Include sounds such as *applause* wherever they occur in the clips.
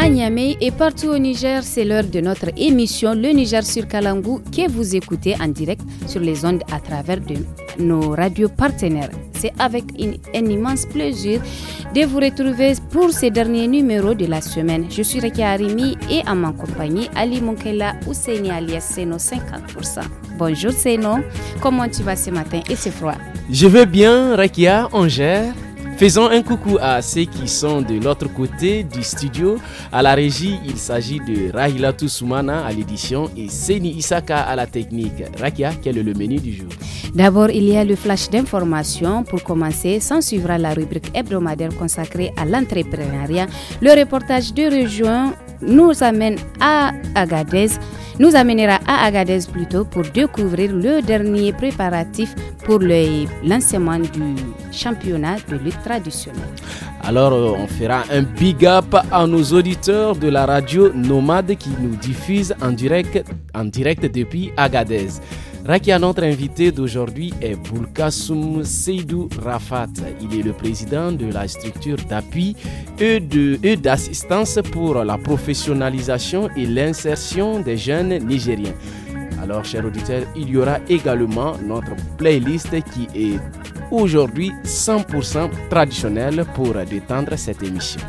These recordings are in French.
à Niamey et partout au Niger. C'est l'heure de notre émission Le Niger sur Kalangou que vous écoutez en direct sur les ondes à travers nos radios partenaires. C'est avec un immense plaisir de vous retrouver pour ces derniers numéros de la semaine. Je suis Rekia Arimi et à ma compagnie Ali Monkela Ouseni alias Seno 50%. Bonjour Seno, comment tu vas ce matin et c'est froid Je vais bien, Rekia, Angère. Faisons un coucou à ceux qui sont de l'autre côté du studio. À la régie, il s'agit de Rahila Toussoumana à l'édition et Seni Isaka à la technique. Rakia, quel est le menu du jour D'abord, il y a le flash d'information. Pour commencer, s'en suivra la rubrique hebdomadaire consacrée à l'entrepreneuriat. Le reportage de rejoint nous amène à Agadez, nous amènera à Agadez plutôt pour découvrir le dernier préparatif pour le lancement du championnat de lutte alors, euh, on fera un big up à nos auditeurs de la radio Nomade qui nous diffuse en direct, en direct depuis Agadez. Rakia, notre invité d'aujourd'hui est Boulkassoum Seydou Rafat. Il est le président de la structure d'appui et d'assistance pour la professionnalisation et l'insertion des jeunes nigériens. Alors, chers auditeurs, il y aura également notre playlist qui est aujourd'hui 100% traditionnel pour détendre cette émission.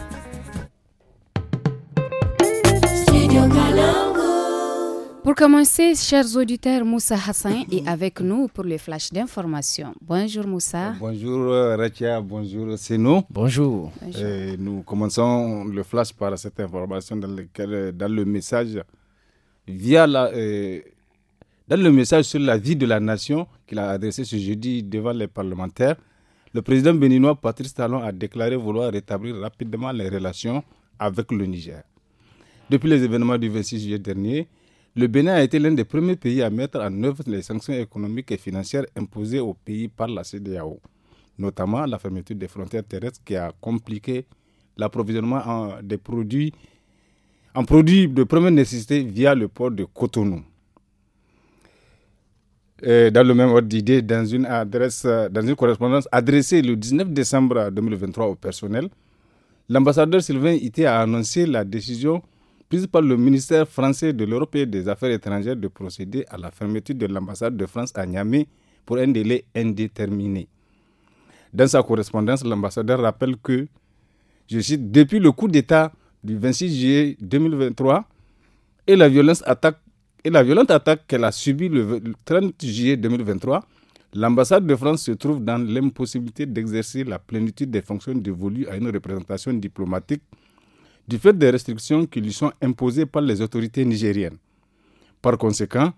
Pour commencer, chers auditeurs, Moussa Hassan est avec nous pour le flash d'information. Bonjour Moussa. Bonjour euh, Rachia, bonjour Seno. Bonjour. bonjour. nous commençons le flash par cette information dans, euh, dans le message via la, euh, dans le message sur la vie de la nation qu'il a adressé ce jeudi devant les parlementaires, le président béninois Patrice Talon a déclaré vouloir rétablir rapidement les relations avec le Niger. Depuis les événements du 26 juillet dernier, le Bénin a été l'un des premiers pays à mettre en œuvre les sanctions économiques et financières imposées au pays par la CDAO, notamment la fermeture des frontières terrestres qui a compliqué l'approvisionnement en, produits, en produits de première nécessité via le port de Cotonou. Euh, dans le même ordre d'idée, dans une adresse, euh, dans une correspondance adressée le 19 décembre 2023 au personnel, l'ambassadeur Sylvain Ité a annoncé la décision prise par le ministère français de l'Europe et des Affaires étrangères de procéder à la fermeture de l'ambassade de France à Niamey pour un délai indéterminé. Dans sa correspondance, l'ambassadeur rappelle que, je cite, depuis le coup d'État du 26 juillet 2023 et la violence attaque et la violente attaque qu'elle a subie le 30 juillet 2023, l'ambassade de France se trouve dans l'impossibilité d'exercer la plénitude des fonctions dévolues à une représentation diplomatique du fait des restrictions qui lui sont imposées par les autorités nigériennes. Par conséquent,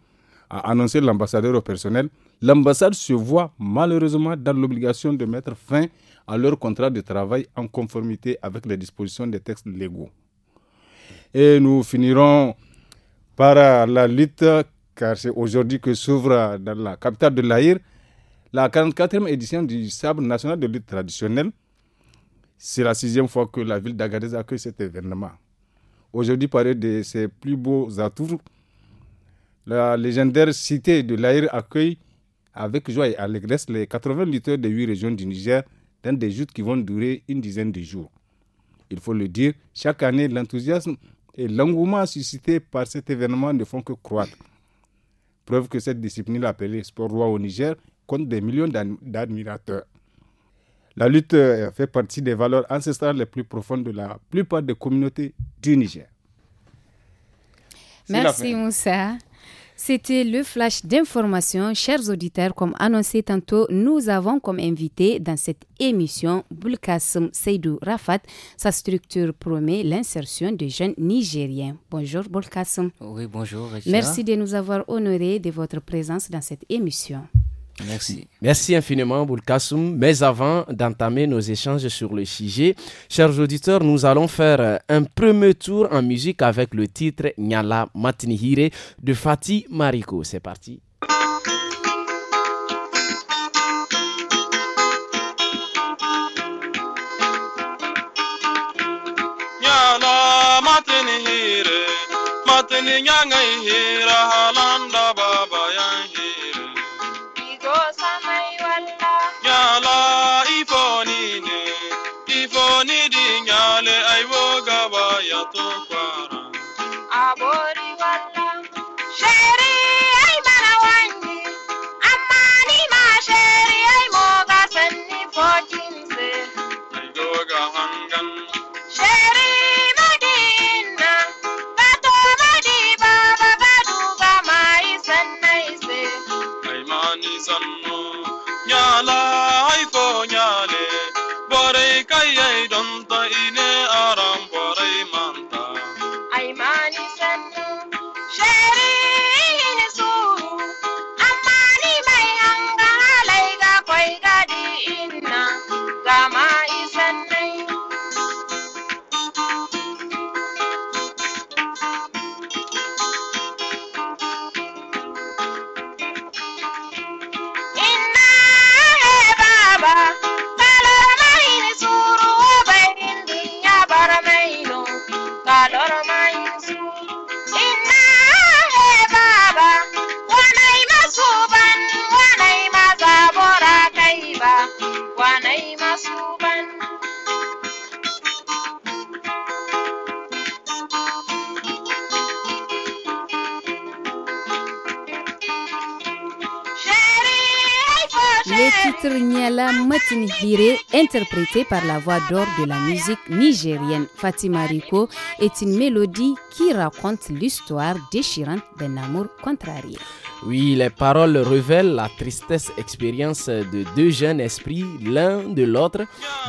a annoncé l'ambassadeur au personnel, l'ambassade se voit malheureusement dans l'obligation de mettre fin à leur contrat de travail en conformité avec les dispositions des textes légaux. Et nous finirons par la lutte, car c'est aujourd'hui que s'ouvre dans la capitale de l'Aïr la 44e édition du Sable national de lutte traditionnelle. C'est la sixième fois que la ville d'Agadez accueille cet événement. Aujourd'hui, paré de ses plus beaux atours, la légendaire cité de l'Aïr accueille avec joie et allégresse les 80 lutteurs des 8 régions du Niger dans des joutes qui vont durer une dizaine de jours. Il faut le dire, chaque année, l'enthousiasme et l'engouement suscité par cet événement ne font que croître. Preuve que cette discipline appelée sport roi au Niger compte des millions d'admirateurs. La lutte euh, fait partie des valeurs ancestrales les plus profondes de la plupart des communautés du Niger. Merci Moussa. C'était le flash d'information. Chers auditeurs, comme annoncé tantôt, nous avons comme invité dans cette émission Boulkassem Seydou Rafat. Sa structure promet l'insertion des jeunes nigériens. Bonjour Boulkassem. Oui, bonjour. Merci de nous avoir honorés de votre présence dans cette émission. Merci. Merci infiniment, Boulkassoum. Mais avant d'entamer nos échanges sur le sujet, chers auditeurs, nous allons faire un premier tour en musique avec le titre Nyala Matnihire de Fatih Mariko. C'est parti. walking interprétée par la voix d'or de la musique nigérienne Fatima Rico, est une mélodie qui raconte l'histoire déchirante d'un amour contrarié. Oui, les paroles révèlent la tristesse expérience de deux jeunes esprits, l'un de l'autre,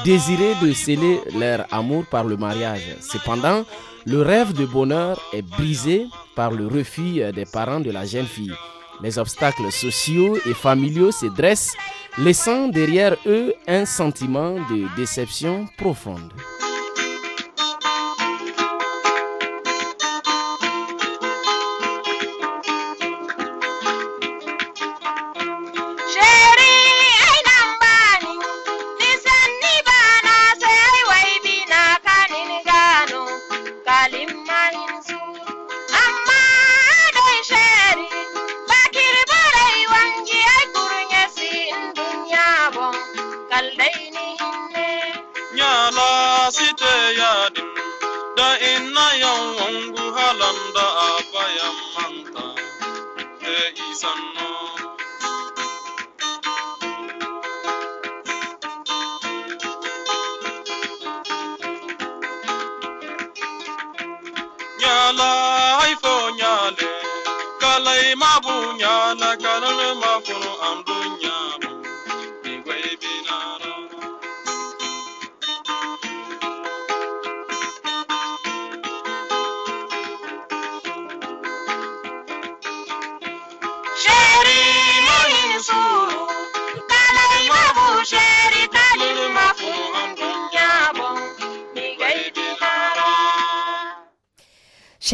désirés de sceller leur amour par le mariage. Cependant, le rêve de bonheur est brisé par le refus des parents de la jeune fille. Les obstacles sociaux et familiaux se dressent laissant derrière eux un sentiment de déception profonde.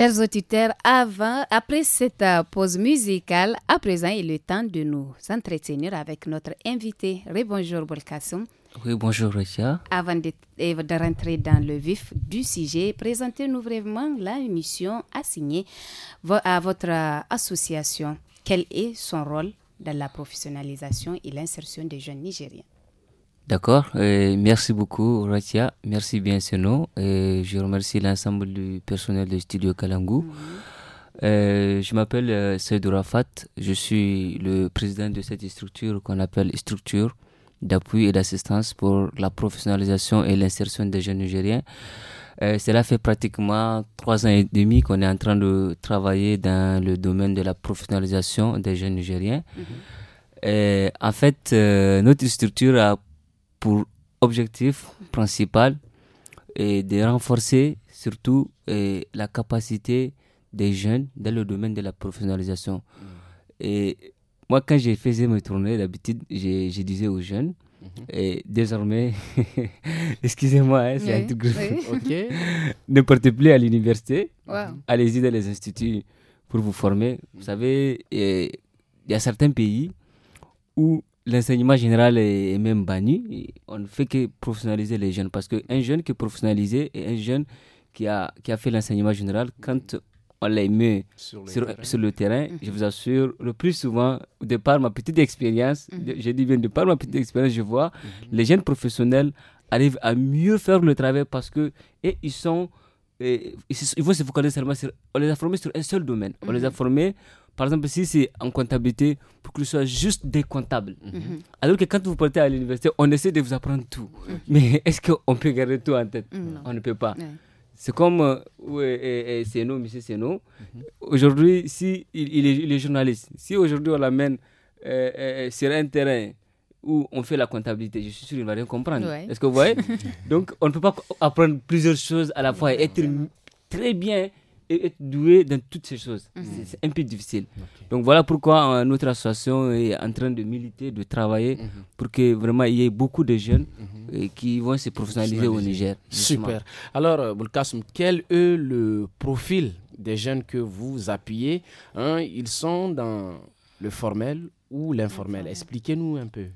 Chers auditeurs, avant, après cette euh, pause musicale, à présent, il est temps de nous entretenir avec notre invité. Rebonjour, Bolkassoum. Oui, bonjour, Avant de, rentrer dans le vif du sujet, présentez-nous vraiment la mission assignée à votre euh, association. Quel est son rôle dans la professionnalisation et l'insertion des jeunes nigériens D'accord. merci beaucoup, Ratia. Merci bien, Seno. et je remercie l'ensemble du personnel de Studio Kalangu. Mhm. je m'appelle euh, Seydou Rafat. Je suis le président de cette structure qu'on appelle structure d'appui et d'assistance pour la professionnalisation et l'insertion des jeunes nigériens. cela fait pratiquement trois ans et demi qu'on est en train de travailler dans le domaine de la professionnalisation des jeunes nigériens. Mhm. en fait, euh, notre structure a pour objectif principal et de renforcer surtout eh, la capacité des jeunes dans le domaine de la professionnalisation. Mm. Et moi, quand j'ai faisais mes tournées, d'habitude, je, disais aux jeunes, mm-hmm. et désormais, *laughs* excusez-moi, hein, c'est un truc *laughs* ne portez plus à l'université, allez-y dans les instituts pour vous former. Vous mm. savez, eh, il y a certains pays où l'enseignement général est, même banni. On ne fait que professionnaliser les jeunes. Parce qu'un jeune qui est professionnalisé et un jeune qui a, qui a fait l'enseignement général, quand on les met sur, le terrain, mhm. je vous assure, le plus souvent, de par ma petite expérience, mhm. je dis bien de par ma petite expérience, je vois mhm. les jeunes professionnels arrivent à mieux faire le travail parce que et ils sont ils vont se focaliser seulement sur on les a formés sur un seul domaine on les a formés par exemple, si c'est en comptabilité, pour que ce soit juste des comptables. Mhm. Mhm. Mhm. Alors que quand vous partez à l'université, on essaie de vous apprendre tout. Mais *laughs* est-ce qu'on peut garder tout en tête On ne peut pas. C'est comme euh, c'est nous, monsieur nous. Aujourd'hui, si il, est, journaliste, si aujourd'hui on l'amène euh, euh, euh, sur un terrain où on fait la comptabilité, je suis sûr qu'il va rien comprendre. Est-ce que vous voyez *laughs* Donc, on ne peut pas apprendre plusieurs choses à la fois et être très bien et être doué dans toutes ces choses. Mhm. C'est un peu difficile. Donc voilà pourquoi euh, notre association est en train de militer, de travailler mhm. pour que vraiment il y ait beaucoup de jeunes mhm. euh, qui vont se professionnaliser au Niger. Super. Alors, euh, Boukassim quel est le profil des jeunes que vous appuyez hein? Ils sont dans le formel ou l'informel Expliquez-nous un peu.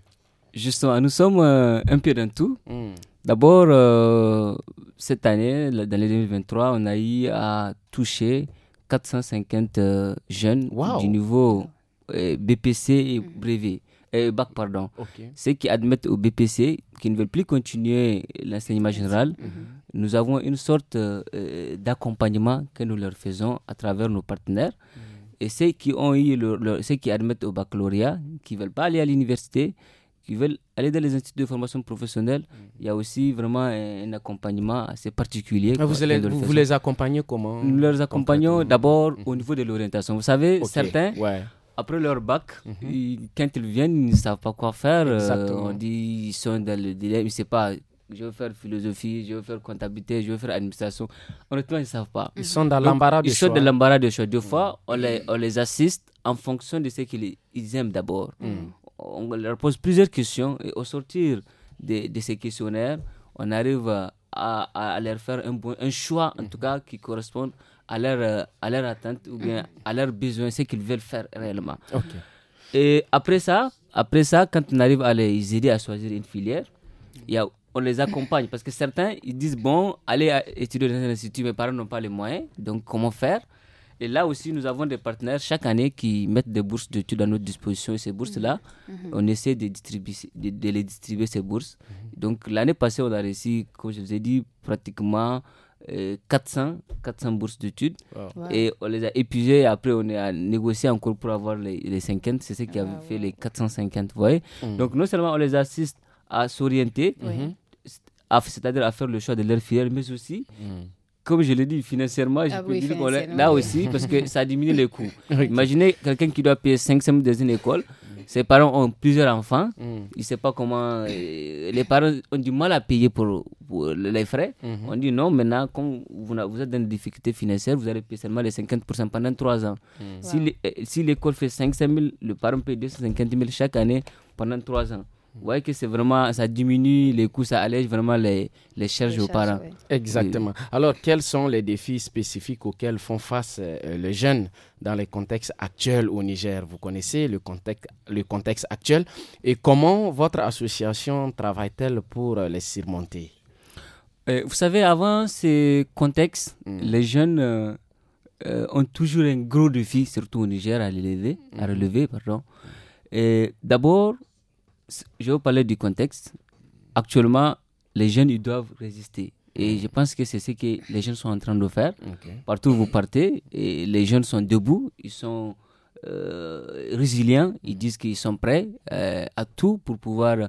Justement, nous sommes euh, un peu dans tout. Hmm. D'abord, euh, cette année, dans l'année 2023, on a eu à toucher 450 euh, jeunes du niveau BPC et hmm. brevet. Et bac, pardon. Ceux qui admettent au BPC, qui ne veulent plus continuer l'enseignement général, mhm. nous avons une sorte d'accompagnement que nous leur faisons à travers nos partenaires. Hmm. Et ceux qui ont eu ceux qui admettent au baccalauréat, qui ne veulent pas aller à l'université, qui veulent aller dans les instituts de formation professionnelle, mm. il y a aussi vraiment un, accompagnement assez particulier. Ah, vous, vous, les accompagnez comment Nous les accompagnons mm-hmm. d'abord au mm-hmm. niveau de l'orientation. Vous savez, certains, après leur bac, mm-hmm. quand ils viennent, ils ne savent pas quoi faire. Euh, on dit ils sont dans le dilemme, ils ne savent pas je veux faire philosophie, je veux faire comptabilité, je veux faire administration. Honnêtement, ils ne savent pas. Ils sont dans l'embarras de choix. Ils sont dans l'embarras Deux mm. fois, on les, on les assiste en fonction de ce qu'ils ils aiment d'abord. Mm on leur pose plusieurs questions et au sortir de, de ces questionnaires, on arrive à, à, leur faire un, un choix, en tout cas, qui correspond à leur, à attente ou bien à leurs besoins, ce qu'ils veulent faire réellement. Et après ça, après ça, quand on arrive à les aider à choisir une filière, on les accompagne parce que certains ils disent bon, allez étudier dans un institut, mes parents n'ont pas les moyens, donc comment faire et là aussi, nous avons des partenaires chaque année qui mettent des bourses d'études à notre disposition. Et ces bourses-là, on mhm. essaie de, distribuer, de, les distribuer, ces bourses. Mhm. Donc l'année passée, on a réussi, comme je vous ai dit, pratiquement 400, euh, 400 bourses d'études. Et on les a épuisées. Et après, on a négocié encore pour avoir les, les 50. C'est ce qui ah avait fait les 450, vous voyez. Mhm. Donc non seulement on les assiste à s'orienter, c'est-à-dire à faire le choix de leur filière, mais aussi comme je l'ai dit, financièrement, je ah peux dire là aussi parce que ça diminue les coûts. *laughs* Imaginez quelqu'un qui doit payer 5 cents dans une école, ses parents ont plusieurs enfants, mm. Ils ne savent pas comment. Euh, les parents ont du mal à payer pour, les frais. Mhm. On dit non, maintenant, comme vous, êtes dans des difficultés financières, vous allez payer seulement les 50% pendant 3 ans. Mm. Euh, si l'école fait 500 000, le parent paye 250 000 chaque année pendant 3 ans. Vous voyez que c'est vraiment, ça diminue les coûts, ça allège vraiment les, les charges aux parents. Exactement. Alors, quels sont les défis spécifiques auxquels font face euh, les jeunes dans les contextes actuels au Niger Vous connaissez le contexte, le contexte actuel et comment votre association travaille-t-elle pour euh, les surmonter euh, Vous savez, avant ces contextes, mm. les jeunes ont toujours un gros défi, surtout au Niger, à, relever, à mm. relever. Pardon. D'abord, je vais vous parler du contexte. Actuellement, les jeunes, ils doivent résister. Et je pense que c'est ce que les jeunes sont en train de faire. Partout où vous partez, et les jeunes sont debout, ils sont euh, résilients, ils disent qu'ils sont prêts euh, à tout pour pouvoir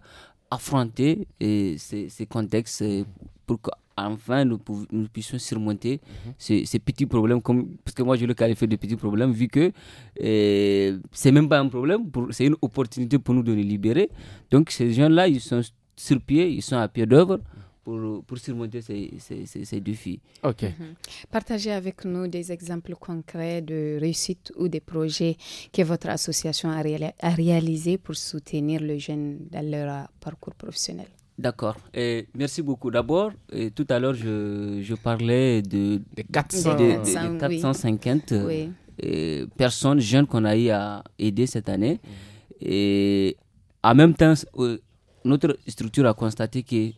affronter et ces, ces, contextes euh, pour qu'enfin nous, nous, puissions surmonter mhm. ces, petits problèmes, comme, parce que moi je le qualifie de petits problèmes, vu que euh, c'est même pas un problème, c'est une opportunité pour nous de nous libérer. Donc ces gens-là, ils sont sur pied, ils sont à pied d'œuvre. Pour, pour, surmonter ces, ces, ces, défis. OK. Mhm. Partagez avec nous des exemples concrets de réussite ou des projets que votre association a, réalisés pour soutenir les jeunes dans leur euh, parcours professionnel. D'accord. merci beaucoup. D'abord, tout à l'heure, je, parlais de, 400, 450 euh, personnes jeunes qu'on a eu à aider cette année. Mhm. Et en même temps, euh, notre structure a constaté que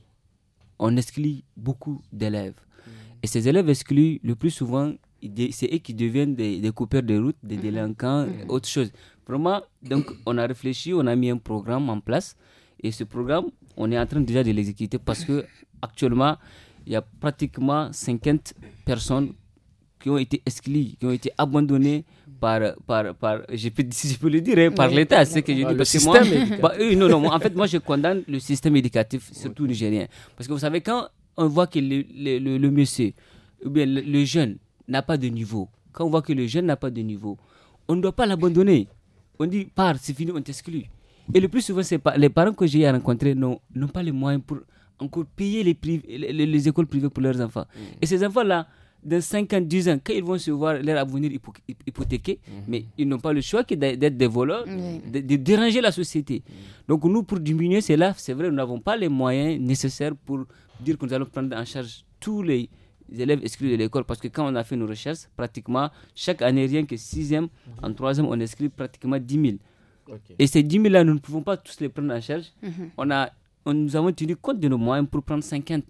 on exclut beaucoup d'élèves. Mhm. Et ces élèves exclus, le plus souvent, c'est eux qui deviennent des, coupeurs de route, des mhm. délinquants, autre chose. Vraiment, donc, on a réfléchi, on a mis un programme en place. Et ce programme, on est en train déjà de l'exécuter parce que actuellement, il y a pratiquement 50 personnes qui ont été exclues, qui ont été abandonnées par, par, par je, peux, *laughs* je peux le dire, hein, par l'État. C'est bah, que système moi, bah, euh, non, non, en fait, moi, je condamne le système éducatif, surtout nigérien. Parce que vous savez, quand on voit que le, le, le, le monsieur, ou bien le, jeune, n'a pas de niveau, quand on voit que le jeune n'a pas de niveau, on ne doit pas l'abandonner. On dit, pars, c'est fini, on t'exclut. Et le plus souvent, c'est pas les parents que j'ai rencontrés n'ont pas les moyens pour encore payer les, les, écoles privées pour leurs enfants. Mmh. Et ces enfants-là, dans 5 ans, 10 ans, quand ils vont se voir leur avenir hypothéqué, mmh. mais ils n'ont pas le choix que d'être des voleurs, de, déranger la société. Mmh. Donc nous, pour diminuer cela, c'est vrai, nous n'avons pas les moyens nécessaires pour dire que nous allons prendre en charge tous les élèves exclus de l'école, parce que quand on a fait nos recherches, pratiquement chaque année, rien que 6e, en 3e, on inscrit pratiquement 10 000. Et ces 10 000 là, nous ne pouvons pas tous les prendre en charge. Mhm. on a, on, nous avons tenu compte de nos moyens pour prendre 50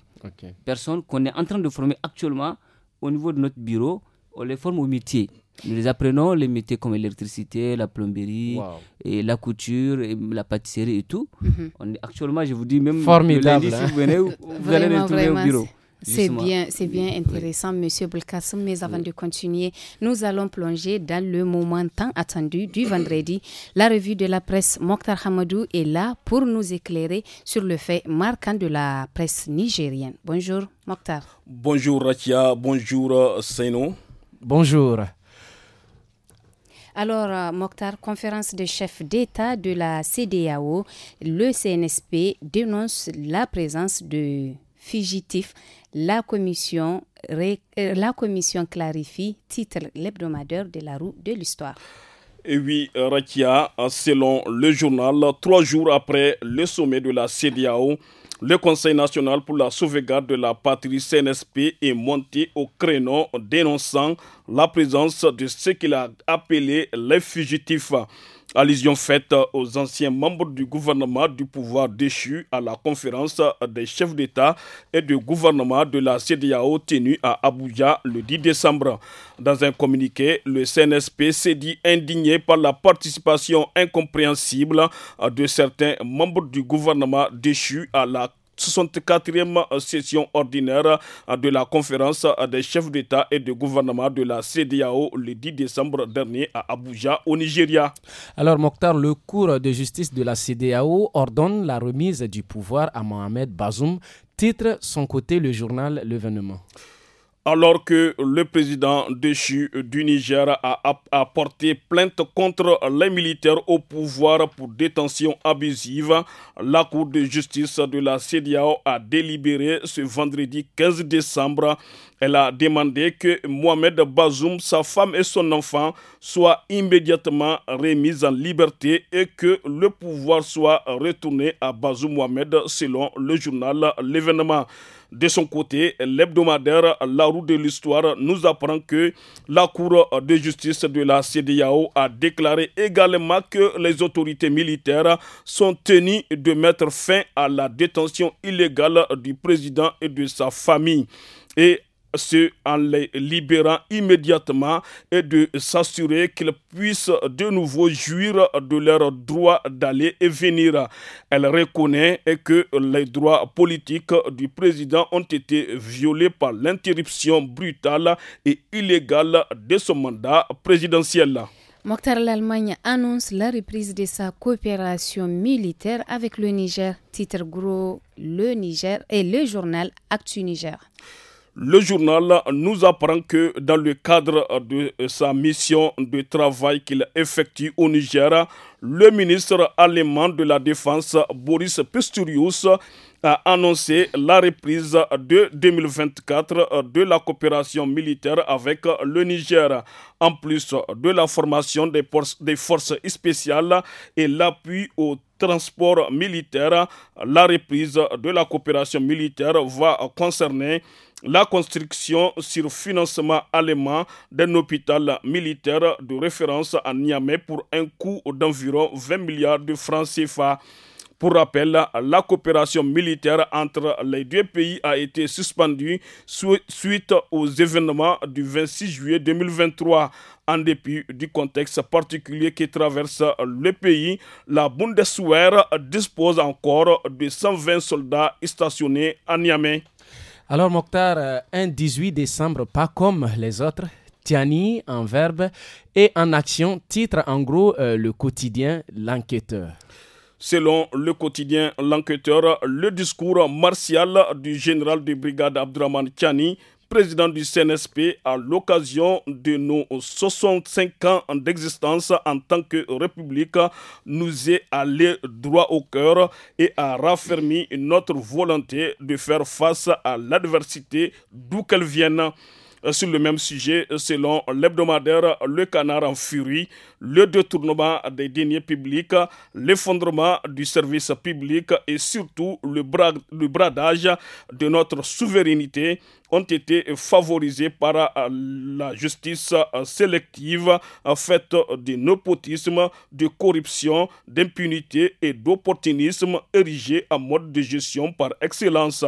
personnes qu'on est en train de former actuellement au niveau de notre bureau. On les forme au métier. Nous les apprenons les métiers comme l'électricité, la plomberie, et la couture, et la pâtisserie et tout. Mhm. on actuellement, je vous dis, même lundi, si hein. vous venez, vous, *laughs* allez les trouver au bureau. C'est bien, c'est bien intéressant, Monsieur Mais avant de continuer, nous allons plonger dans le moment tant attendu du vendredi. La revue de la presse Mokhtar Hamadou est là pour nous éclairer sur le fait marquant de la presse nigérienne. Bonjour, Mokhtar. Bonjour, Ratia. Bonjour, euh, Seno. Bonjour. Alors, euh, Mokhtar, conférence des chefs d'État de la CDAO, le CNSP dénonce la présence de fugitifs la commission, euh, la commission clarifie, titre l'hebdomadaire de la roue de l'histoire. Et oui, Rakia, selon le journal, trois jours après le sommet de la CDAO, le Conseil national pour la sauvegarde de la patrie CNSP est monté au créneau dénonçant la présence de ce qu'il a appelé les fugitifs. Allusion faite aux anciens membres du gouvernement du pouvoir déchu à la conférence des chefs d'État et de gouvernement de la CDAO tenue à Abuja le 10 décembre. Dans un communiqué, le CNSP s'est dit indigné par la participation incompréhensible de certains membres du gouvernement déchu à la 64e euh, session ordinaire euh, de la conférence euh, des chefs d'État et de gouvernement de la CDAO le 10 décembre dernier à Abuja, au Nigeria. Alors, Mokhtar, le cours de justice de la CDAO ordonne la remise du pouvoir à Mohamed Bazoum, titre son côté le journal L'événement alors que le président déchu du Niger a, apporté porté plainte contre les militaires au pouvoir pour détention abusive. La Cour de justice de la CDAO a délibéré ce vendredi 15 décembre. Elle a demandé que Mohamed Bazoum, sa femme et son enfant soient immédiatement remis en liberté et que le pouvoir soit retourné à Bazoum Mohamed selon le journal L'événement. De son côté, l'hebdomadaire La Roue de l'Histoire nous apprend que la Cour de justice de la CDAO a déclaré également que les autorités militaires sont tenues de mettre fin à la détention illégale du président et de sa famille ce en les libérant immédiatement et de s'assurer qu'ils puissent de nouveau jouir de leur droit d'aller et venir. Elle reconnaît que les droits politiques du président ont été violés par l'interruption brutale et illégale de son mandat présidentiel. Mokhtar, l'Allemagne annonce la reprise de sa coopération militaire avec le Niger, titre gros Le Niger et le journal Actu Niger. Le journal nous apprend que dans le cadre de sa mission de travail qu'il effectue au Niger, le ministre allemand de la Défense Boris Pistorius a annoncé la reprise de 2024 de la coopération militaire avec le Niger, en plus de la formation des, forces spéciales et l'appui aux transport militaire. La reprise de la coopération militaire va concerner la construction sur financement allemand d'un hôpital militaire de référence à Niamey pour un coût d'environ 20 milliards de francs CFA. Pour rappel, la coopération militaire entre les deux pays a été suspendue suite aux événements du 26 juillet 2023. En dépit du contexte particulier qui traverse le pays, la Bundeswehr dispose encore de 120 soldats stationnés à Niamey. Alors Mokhtar, euh, un 18 décembre, pas comme les autres, Tiani en verbe et en action, titre en gros euh, le quotidien L'enquêteur. Selon le quotidien L'Enquêteur, le discours martial du général de brigade Abdraman Tchani, président du CNSP, à l'occasion de nos 65 ans d'existence en tant que République, nous est allé droit au cœur et a raffermi notre volonté de faire face à l'adversité d'où qu'elle vienne. Euh, sur le même sujet euh, selon l'hebdomadaire Le Canard en furie, le détournement des deniers publics, l'effondrement du service public et surtout le, bradage de notre souveraineté ont été favorisés par euh, la justice sélective en faite de nepotisme, de corruption, d'impunité et d'opportunisme érigé en mode de gestion par excellence.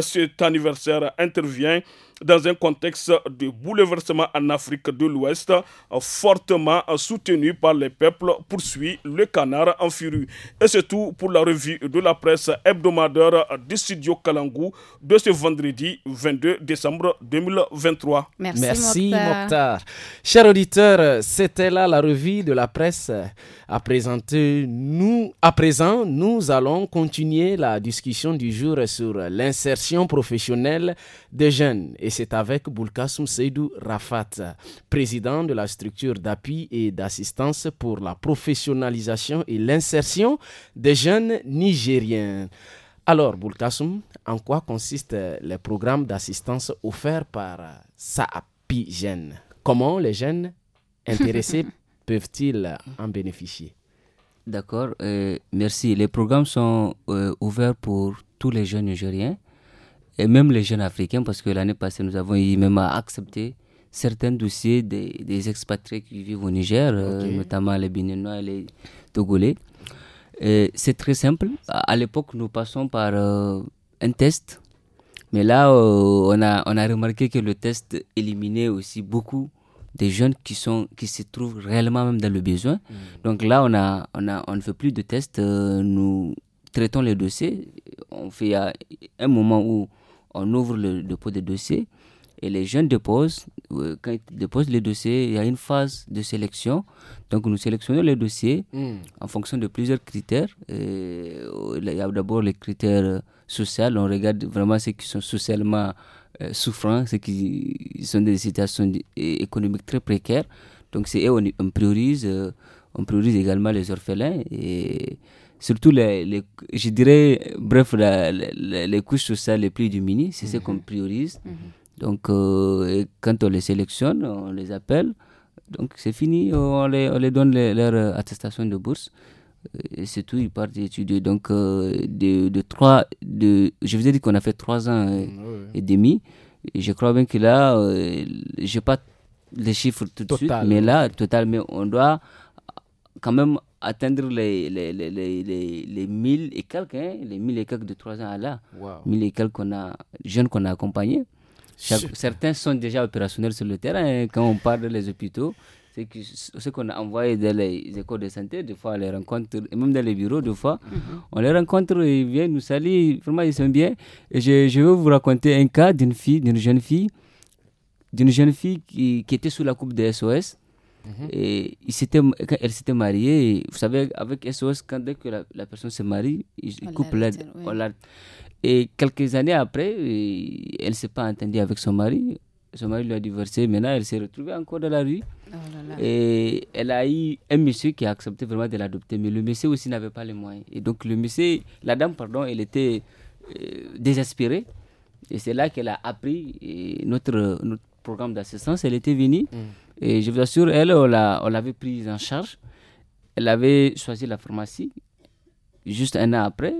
Cet anniversaire intervient dans un contexte de bouleversement en Afrique de l'Ouest, euh, fortement euh, soutenu par les peuples, poursuit le canard en furie. Et c'est tout pour la revue de la presse hebdomadaire du studio Kalangou de ce vendredi 22 décembre 2023. Merci, Merci Mokhtar. Chers auditeurs, c'était là la revue de la presse. À, présenter, nous, à présent, nous allons continuer la discussion du jour sur l'insertion professionnelle des jeunes. Et c'est avec Boulkassoum Seydou Rafat, président de la structure d'appui et d'assistance pour la professionnalisation et l'insertion des jeunes nigériens. Alors, Boulkassoum, en quoi consistent les programmes d'assistance offerts par SAAPI Jeunes Comment les jeunes *laughs* intéressés peuvent-ils en bénéficier D'accord, euh, merci. Les programmes sont euh, ouverts pour tous les jeunes nigériens et même les jeunes africains, parce que l'année passée, nous avons eu même à accepter certains dossiers des, expatriés qui vivent au Niger, euh, notamment les Béninois et les Togolais. C'est très simple. À, l'époque, nous passons par euh, un test. Mais là, euh, on, a, on a remarqué que le test éliminait aussi beaucoup des jeunes qui, sont, qui se trouvent réellement même dans le besoin. Mm. Donc là, on, a, on, a, on ne fait plus de tests. nous traitons les dossiers. On fait à un moment où on ouvre le dépôt des dossiers et les jeunes déposent. Euh, quand ils déposent les dossiers, il y a une phase de sélection. Donc nous sélectionnons les dossiers hmm. en fonction de plusieurs critères. Euh, il y a d'abord les critères euh, sociaux. On regarde vraiment ceux qui sont socialement souffrants, ceux qui sont dans des situations économiques très précaires. Donc c'est on, priorise. on priorise également les orphelins et surtout les, les, je dirais, bref, la, les couches sociales les plus démunies, c'est ce mhm. qu'on priorise. Mhm. Donc, euh, quand on les sélectionne, on les appelle, donc c'est fini, on les, on les donne leur euh, attestation de bourse. Euh, et c'est tout, ils partent étudier. Donc, de, de trois, de, je vous ai dit qu'on a fait trois ans ah et, demi. Et je crois bien que là, je j'ai pas les chiffres tout de suite, mais là, total, mais on doit quand même atteindre les, les, les, les, les mille et quelques, hein, les mille et quelques de trois ans à là, mille et quelques a, jeunes qu'on a accompagnés. certains sont déjà opérationnels sur le terrain. Hein. quand on parle des hôpitaux, ce qu'on a envoyé dans les écoles de santé, des fois, on les rencontre, même dans les bureaux, des fois, mm-hmm. on les rencontre, ils viennent nous saluer, vraiment, ils sont bien. Et je, je vais vous raconter un cas d'une fille, d'une jeune fille, d'une jeune fille qui, qui, était sous la coupe des SOS. Mhm. Et il s'était, quand elle s'était mariée, vous savez, avec SOS, quand dès que la, personne se marie, ils coupent l'aide. Et quelques années après, elle ne s'est pas entendue avec son mari. Son mari lui a divorcé. Maintenant, elle s'est retrouvée encore dans la rue. Oh et elle a eu un monsieur qui a accepté vraiment de l'adopter. Mais le monsieur aussi n'avait pas les moyens. Et donc, le monsieur, la dame, pardon, elle était euh, désespérée. Et c'est là qu'elle a appris notre, notre programme d'assistance. Elle était venue. Mm. Et je vous assure, elle, on l'avait prise en charge. Elle avait choisi la pharmacie. Juste un an après,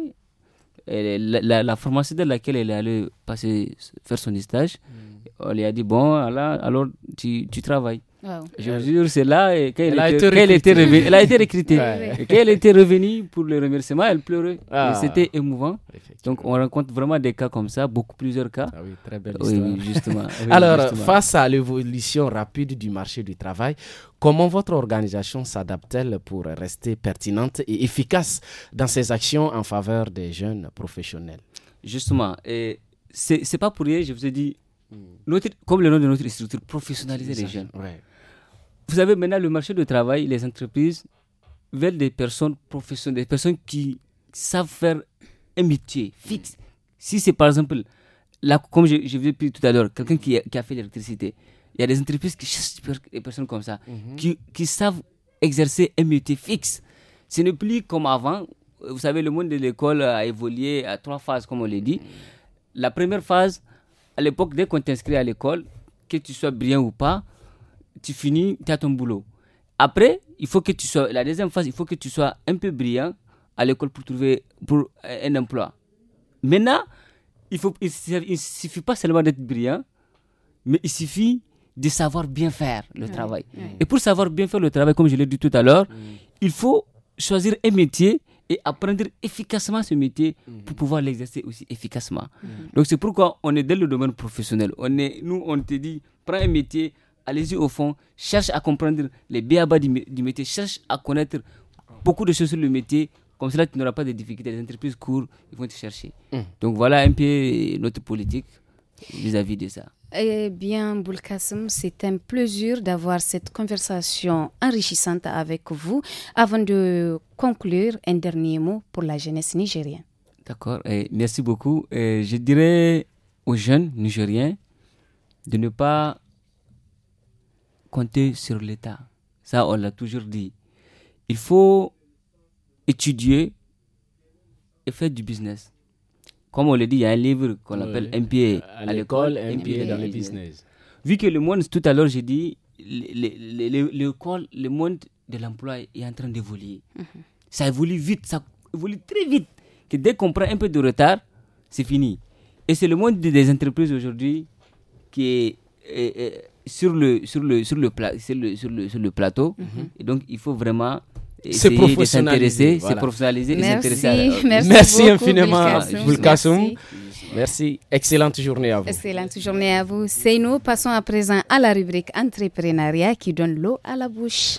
la, pharmacie de laquelle elle est allée passer, faire son stage, hmm. on lui a dit Bon, alors, alors tu, tu travailles. Je vous jure, c'est là qu'elle était, Elle a été recrutée. quand elle était revenue pour le remerciement, elle pleurait. Ah. C'était émouvant. Donc on rencontre vraiment des cas comme ça, beaucoup plusieurs cas. Ah oui, très belle histoire. justement. *laughs* Alors, face à l'évolution rapide du marché du travail, comment votre organisation s'adapte-t-elle pour rester pertinente et efficace dans ses actions en faveur des jeunes professionnels Justement, et c'est pas pour rien, je vous ai dit, comme le nom de notre structure, professionnaliser les jeunes. Vous savez, maintenant, le marché du travail, les entreprises veulent des personnes professionnelles, des personnes qui savent faire un métier fixe. Si c'est par exemple, là, comme je, je vous ai dit tout à l'heure, quelqu'un qui, a fait l'électricité, il y a des entreprises qui cherchent des personnes comme ça, mhm. qui, qui savent exercer un métier fixe. Ce n'est plus comme avant. Vous savez, le monde de l'école a évolué à trois phases, comme on l'a dit. La première phase, à l'époque, dès qu'on t'inscrit à l'école, que tu sois brillant ou pas, tu finis, tu as ton boulot. Après, il faut que tu sois, la deuxième phase, il faut que tu sois un peu brillant à l'école pour trouver pour euh, un emploi. Maintenant, il ne il, suffit pas seulement d'être brillant, mais il suffit de savoir bien faire le travail. Et pour savoir bien faire le travail, comme je l'ai dit tout à l'heure, il faut choisir un métier et apprendre efficacement ce métier mm. pour pouvoir l'exercer aussi efficacement. Mm. Donc c'est pourquoi on est dans le domaine professionnel. On est, nous, on te dit, prends un métier, allez-y au fond, cherche à comprendre les béabas du, métier, cherche à connaître beaucoup de choses sur le métier. Comme cela, tu n'auras pas de difficultés. Les entreprises courent, ils vont te chercher. Mm. Donc voilà un peu notre politique vis à -vis de ça. Eh bien, Boulkassem, c'est un plaisir d'avoir cette conversation enrichissante avec vous. Avant de conclure, un dernier mot pour la jeunesse nigérienne. D'accord, Et merci beaucoup. je dirais aux jeunes nigériens de ne pas compter sur l'État. Ça, on l'a toujours dit. Il faut étudier et faire du business. Comme on le dit, il y a un livre qu'on appelle MPA. À, l'école, MPA, MPA, dans le business. Vu que le monde, tout à l'heure, j'ai dit, le monde de l'emploi est en train d'évoluer. Mhm. Ça évolue vite, ça évolue très vite. Que dès qu'on prend un peu de retard, c'est fini. Et c'est le monde des entreprises aujourd'hui qui est, sur, le, sur, le, sur, le, plateau. Mhm. Et donc, il faut vraiment c'est professionnalisé, c'est professionnalisé. Merci, merci beaucoup, infiniment, Merci. Excellente journée à vous. Excellente journée à vous. C'est nous. Passons à présent à la rubrique entrepreneuriat qui donne l'eau à la bouche.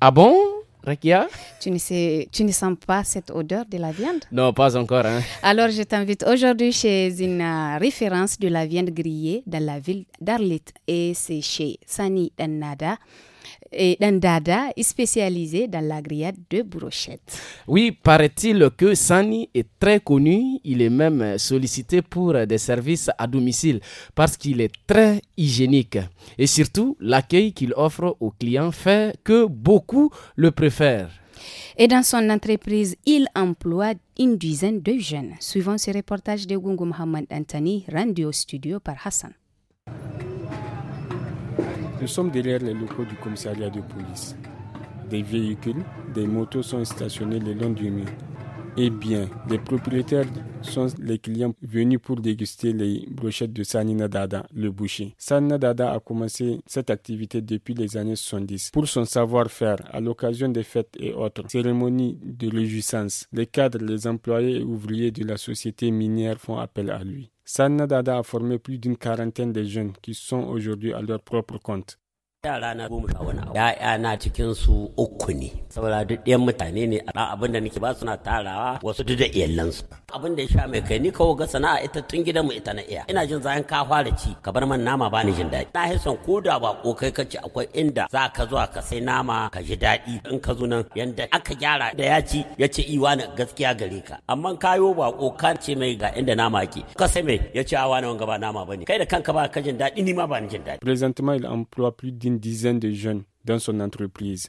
Ah bon? Rekia tu ne, tu ne sens pas cette odeur de la viande Non, pas encore. Hein. Alors, je t'invite aujourd'hui chez une référence de la viande grillée dans la ville d'Arlit. Et c'est chez Sani Nada et d'un dada spécialisé dans la grillade de brochettes. Oui, paraît-il que Sani est très connu. Il est même sollicité pour des services à domicile parce qu'il est très hygiénique. Et surtout, l'accueil qu'il offre aux clients fait que beaucoup le préfèrent. Et dans son entreprise, il emploie une dizaine de jeunes, suivant ce reportage de Gungu Mohamed Anthony, rendu au studio par Hassan. Nous sommes derrière les locaux du commissariat de police. Des véhicules, des motos sont stationnés le long du mur. Eh bien, les propriétaires sont les clients venus pour déguster les brochettes de Sanina le boucher. Sanina Dada a commencé cette activité depuis les années 70 pour son savoir-faire à l'occasion des fêtes et autres cérémonies de réjouissance. Les cadres, les employés et ouvriers de la société minière font appel à lui. Sanadada a formé plus d'une quarantaine de jeunes qui sont aujourd'hui à leur propre compte. abin da ya sha mai kai ni kawo ga sana'a ita tun gidan mu ita na iya ina jin zayan ka fara ci ka bar man nama bani jin daɗi na hisan ko da ba ko kai ka ci akwai inda za ka zuwa ka sai nama ka ji daɗi in ka zo nan yanda aka gyara da ya ci ya ce iwa na gaskiya gare ka amma kayo ba ko ce mai ga inda nama ke ka sai mai ya ce awa na wanga ba nama bane kai da kanka ba ka jin daɗi ni ma bani jin daɗi présentement il emploie plus d'une dizaine de jeunes dans son entreprise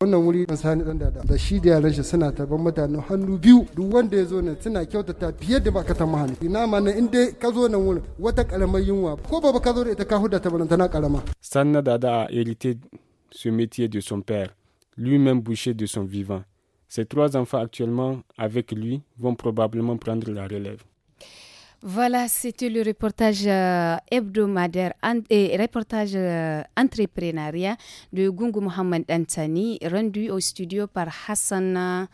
wannan wuri an sani dan dada da shi da yaran shi suna tarban mutane hannu biyu duk wanda ya zo nan suna kyautata fiye da baka ta mahani ina ma nan inda ka zo nan wurin wata karamar yunwa ko baba ka zo da ita ka huda ta balantana karama sanna dada a hérité ce métier de son père lui-même boucher de son vivant ses trois enfants actuellement avec lui vont probablement prendre la relève voilà, c'était le reportage euh, hebdomadaire et reportage euh, entrepreneuriat de Gungu Mohamed Antani, rendu au studio par Hassan.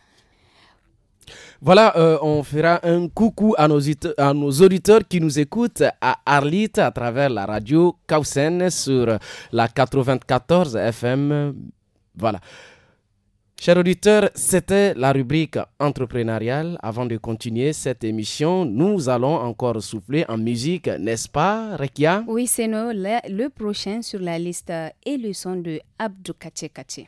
Voilà, euh, on fera un coucou à nos, à nos, auditeurs qui nous écoutent à Arlit à travers la radio Kausen sur la 94 FM. Voilà. Chers auditeurs, c'était la rubrique entrepreneuriale. Avant de continuer cette émission, nous allons encore souffler en musique, n'est-ce pas, Rekia Oui, c'est nous. Le, prochain sur la liste euh, est le son de Abdou Kaché.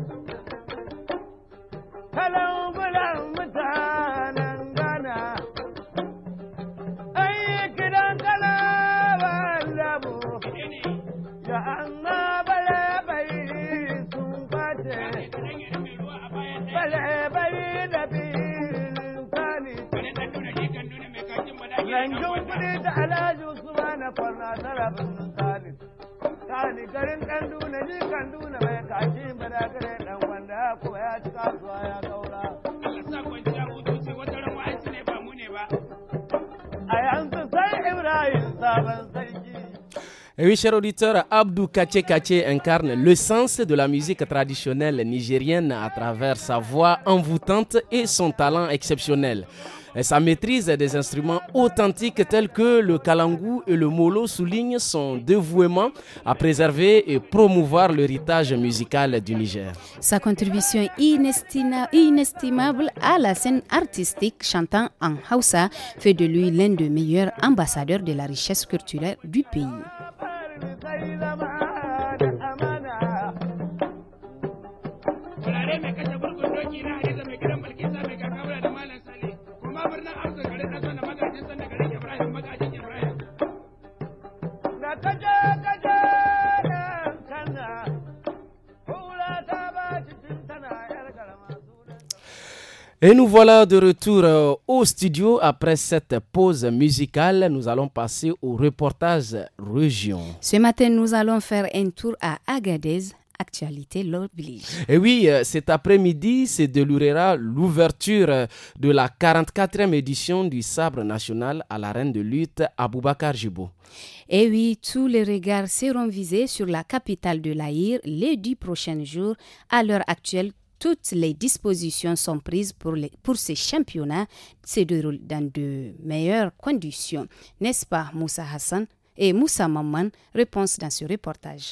هلا وبلا متى Eh oui, cher auditeur, Abdou Kaché Kaché incarne le sens de la musique traditionnelle nigérienne à travers sa voix envoûtante et son talent exceptionnel. sa maîtrise des instruments authentiques tels que le kalangou et le molo souligne son dévouement à préserver et promouvoir l'héritage musical du Niger. Sa contribution inestimable à la scène artistique chantant en Hausa fait de lui l'un des meilleurs ambassadeurs de la richesse culturelle du pays. sai zama da amana. doki na Et nous voilà de retour euh, au studio après cette pause musicale. Nous allons passer au reportage région. Ce matin, nous allons faire un tour à Agadez. Actualité l'oblige. Et oui, euh, cet après-midi, c'est de l'ouverture de la 44e édition du Sabre national à l'arène de lutte à Boubacar Et oui, tous les regards seront visés sur la capitale de l'Aïr les dix prochains jours à l'heure actuelle toutes les dispositions sont prises pour, les, pour ces championnats se dérouler dans de meilleures conditions. N'est-ce pas, Moussa Hassan et Moussa Mamman? Réponse dans ce reportage.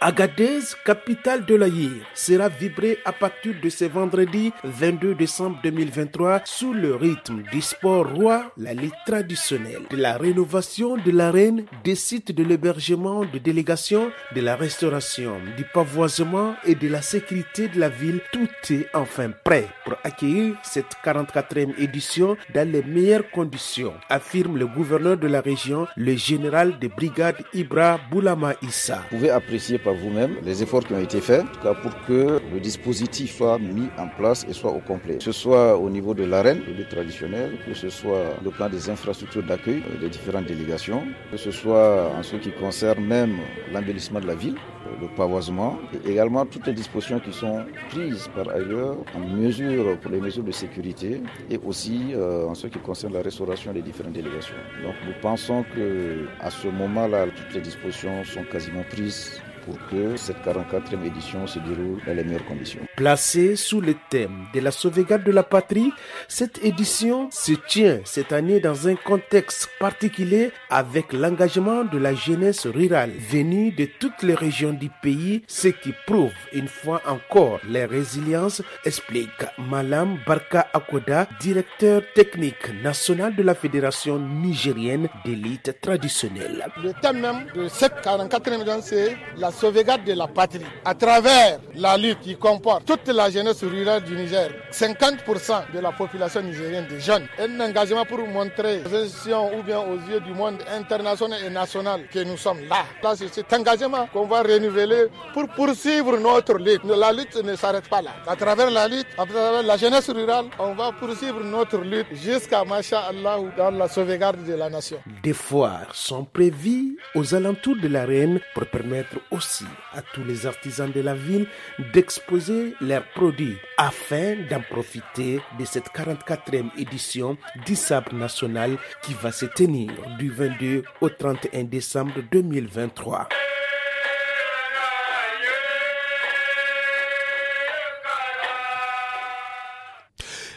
Agadez, capitale de l'Aïr, sera vibrée à partir de ce vendredi 22 décembre 2023 sous le rythme du sport roi, la lutte traditionnelle, de la rénovation de l'arène, des sites de l'hébergement de délégations, de la restauration, du pavoisement et de la sécurité de la ville. Tout est enfin prêt pour accueillir cette 44e édition dans les meilleures conditions, affirme le gouverneur de la région, le général de brigade Ibra Boulama Issa. apprécier vous-même les efforts qui ont été faits, pour que le dispositif soit mis en place et soit au complet. Que ce soit au niveau de l'arène, le traditionnel, que ce soit le plan des infrastructures d'accueil des différentes délégations, que ce soit en ce qui concerne même l'embellissement de la ville, le pavoisement et également toutes les dispositions qui sont prises par ailleurs en mesure pour les mesures de sécurité et aussi euh, en ce qui concerne la restauration des différentes délégations. Donc nous pensons que à ce moment-là toutes les dispositions sont quasiment prises que cette 44e édition se déroule dans les meilleures conditions. Placée sous le thème de la sauvegarde de la patrie, cette édition se tient cette année dans un contexte particulier avec l'engagement de la jeunesse rurale venue de toutes les régions du pays, ce qui prouve une fois encore les résiliences, explique Malam Barka Akoda, directeur technique national de la Fédération nigérienne d'élite traditionnelle. Le thème même de cette 44e édition, c'est la sauvegarde de la patrie à travers la lutte qui comporte toute la jeunesse rurale du Niger, 50% de la population nigérienne des jeunes. Un engagement pour montrer aux ou bien aux yeux du monde international et national que nous sommes là. c'est cet engagement qu'on va renouveler pour poursuivre notre lutte. La lutte ne s'arrête pas là. À travers la lutte, à travers la jeunesse rurale, on va poursuivre notre lutte jusqu'à Allah dans la sauvegarde de la nation. Des foires sont prévues aux alentours de la reine pour permettre aux aussi à tous les artisans de la ville d'exposer leurs produits afin d'en profiter de cette 44e édition du d'ISAB national qui va se tenir du 22 au 31 décembre 2023.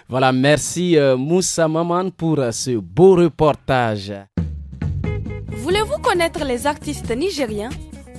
Voilà, merci euh, Moussa Maman pour euh, ce beau reportage. Voulez-vous connaître les artistes nigériens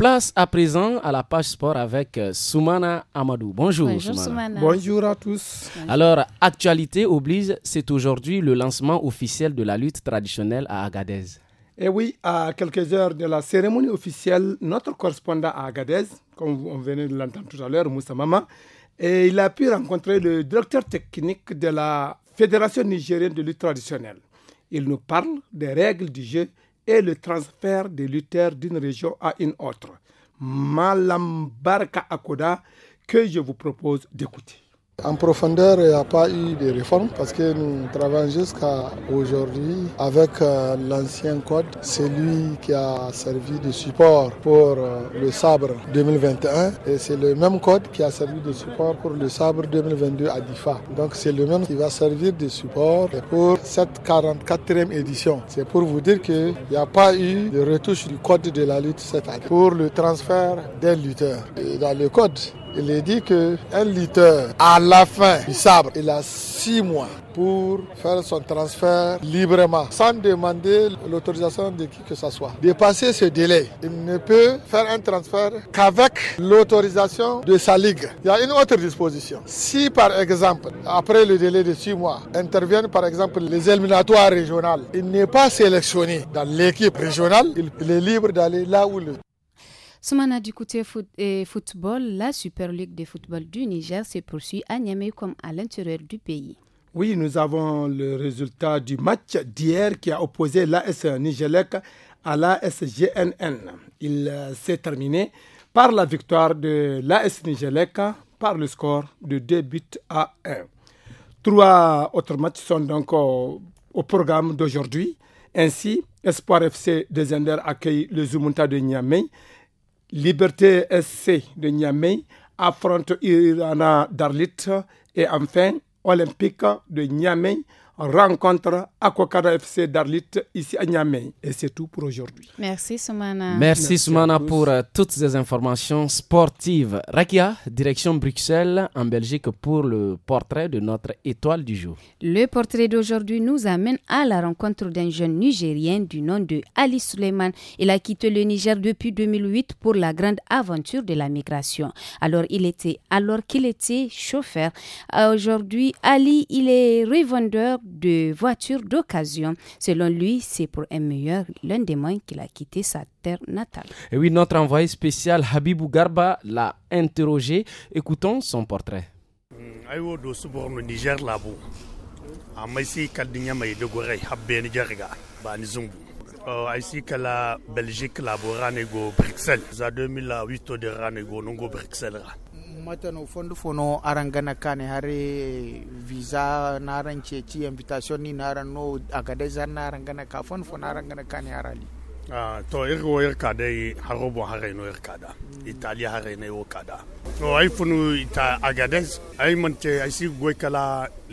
Place à présent à la page sport avec euh, Soumana Amadou. Bonjour, Bonjour Soumana. Bonjour à tous. Alors, actualité oblige, c'est aujourd'hui le lancement officiel de la lutte traditionnelle à Agadez. Et eh oui, à quelques heures de la cérémonie officielle, notre correspondant à Agadez, comme on venait de l'entendre tout à l'heure, Moussa Mama, et il a pu rencontrer le directeur technique de la Fédération nigérienne de lutte traditionnelle. Il nous parle des règles du jeu et le transfert des lutteurs d'une région à une autre. Malambarka Akoda, que je vous propose d'écouter. En profondeur, il n'y a pas eu de réforme parce que nous travaillons jusqu'à aujourd'hui avec euh, l'ancien code, C'est lui qui a servi de support pour euh, le sabre 2021 et c'est le même code qui a servi de support pour le sabre 2022 à DIFA. Donc c'est le même qui va servir de support pour cette 44e édition. C'est pour vous dire qu'il n'y a pas eu de retouche du code de la lutte cette année pour le transfert des lutteurs. dans le code, il est dit que qu'un lutteur, à la fin du sabre, il a six mois pour faire son transfert librement, sans demander l'autorisation de qui que ce soit. Dépasser ce délai, il ne peut faire un transfert qu'avec l'autorisation de sa ligue. Il y a une autre disposition. Si par exemple, après le délai de six mois, interviennent par exemple les éliminatoires régionales, il n'est pas sélectionné dans l'équipe régionale, il est libre d'aller là où le Soumana du côté foot football, la Super ligue de football du Niger se poursuit à Niamey comme à l'intérieur du pays. Oui, nous avons le résultat du match d'hier qui a opposé l'AS Nigelec à l'AS GNN. Il euh, s'est terminé par la victoire de l'AS Nigelec par le score de 2 buts à 1. Trois autres matchs sont donc au, programme d'aujourd'hui. Ainsi, Espoir FC de Zender accueille le Zumunta de Niamey Liberté SC de Niamey affronte Irana Darlit et enfin Olympique de Niamey rencontre Aquacada FC d'Arlit ici à Niamey. Et c'est tout pour aujourd'hui. Merci Soumana. Merci, Soumana pour euh, toutes ces informations sportives. Rakia, direction Bruxelles en Belgique pour le portrait de notre étoile du jour. Le portrait d'aujourd'hui nous amène à la rencontre d'un jeune Nigérien du nom de Ali Suleiman. Il a quitté le Niger depuis 2008 pour la grande aventure de la migration. Alors il était alors qu'il était chauffeur. Aujourd'hui, Ali, il est revendeur de voitures d'occasion. Selon lui, c'est pour un meilleur l'un des moyens qu'il a quitté sa terre natale. Et oui, notre envoyé spécial Habibou Garba l'a interrogé. Écoutons son portrait. Mm, suis ah, si kaldinya mai dogorai habbe ni jarga ba ni zungu oh, ay si kala belgique la Belgique bruxelles za 2008 de nongo bruxelles matano fondu fono arangana gana kane hare visa naran ceci invitation ni naran no agade zan naran gana ka fondu fono arangana gana kane harali ah to irgo irkada harobo hare no irkada italia hare ne o kada to ai funu ita agades ai mante ai si goikala